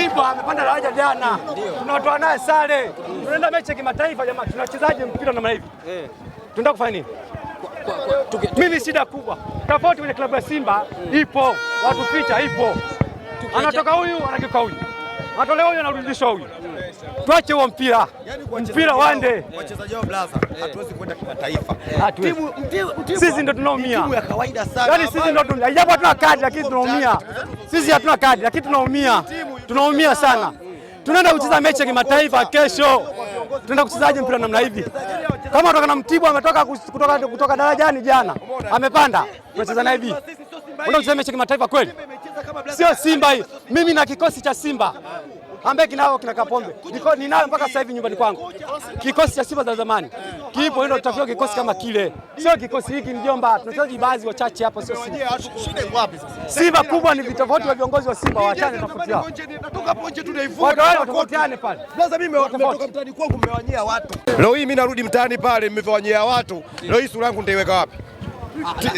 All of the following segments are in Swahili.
Simba amepanda daraja jana, tunatoa naye sare, tunaenda mechi ya kimataifa. Jamani, tunachezaje mpira namna hivi? Eh. Tunaenda kufanya nini? Mimi shida kubwa, tofauti kwenye klabu ya Simba ipo, watu picha ipo, anatoka huyu anakiuka huyu Matoleo huyo anarudisha huyu. Tuache huo mpira. Yaani mpira wande. Wachezaji wao blaza. Hatuwezi kwenda kimataifa. Eh, timu sisi ndio tunaumia. Timu ya kawaida sana. Yaani sisi ndio tunaumia. Japo hatuna kadi lakini tunaumia. Sisi hatuna kadi lakini tunaumia. Tunaumia sana. Tunaenda kucheza mechi ya kimataifa kesho. Tunaenda kuchezaje mpira namna hivi? Kama kutoka na Mtibwa ametoka kutoka kutoka darajani jana. Amepanda. Tunacheza na hivi. Unacheza mechi ya kimataifa kweli? sio Simba hii. Mimi na kikosi cha Simba ambaye kinao kina Kapombe niko ninayo mpaka sasa hivi nyumbani kwangu. Kikosi cha Simba za zamani kipo, ndio tutafikia kikosi kama kile, sio kikosi hiki. Mjomba, tunahitaji baadhi wachache hapo, sio Simba Shida wapi sasa? Simba kubwa. Ni vitofauti wa viongozi wa Simba, waachane tofauti yao, watofautiane pale. Sasa mimi nimetoka kwangu, mmewanyia watu. Leo hii mimi narudi mtaani pale, mmewanyia watu. Leo hii sura yangu ndio iweka wapi?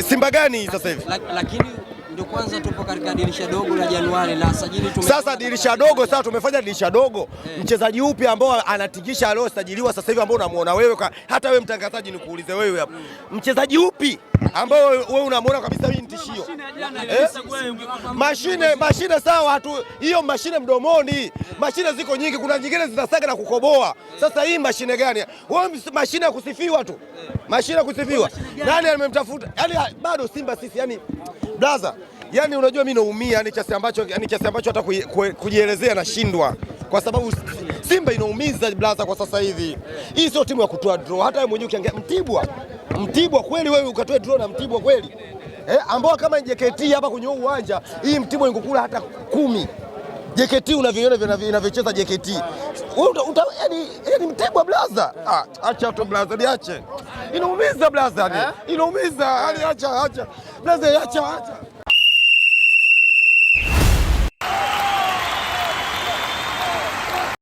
Simba gani sasa hivi? Lakini ndio kwanza tupo katika dirisha dogo la Januari la sajili tume... Sasa dirisha dogo sasa tumefanya dirisha dogo hey. Eh. Mchezaji upi ambao anatikisha aliyosajiliwa sasa hivi ambao unamuona wewe kwa, hata wewe mtangazaji nikuulize wewe hapo hmm. Mchezaji upi ambao wewe unamuona kabisa hii ni tishio eh? Mashine mashine sawa tu hiyo mashine mdomoni, mashine ziko nyingi, kuna nyingine zinasaga na kukoboa. Sasa hii mashine gani wewe? Mashine ya kusifiwa tu, eh. mashine ya kusifiwa. Nani amemtafuta? Yaani bado Simba sisi yani Blaza, yani unajua mimi naumia, ni kiasi ambacho ni kiasi ambacho hata kujielezea nashindwa kwa sababu Simba inaumiza blaza kwa sasa hivi. Hii sio timu ya kutoa draw. Hata wewe mwenyewe ukiangalia Mtibwa, Mtibwa kweli wewe ukatoe draw na Mtibwa kweli eh, ambao kama JKT hapa kwenye uwanja hii Mtibwa ingekula hata kumi. JKT unavyoona vinavyocheza JKT, wewe yani, yani Mtibwa blaza, ah, acha tu blaza niache. Inaumiza blaza, eh? inaumiza. Acha acha blaza, acha acha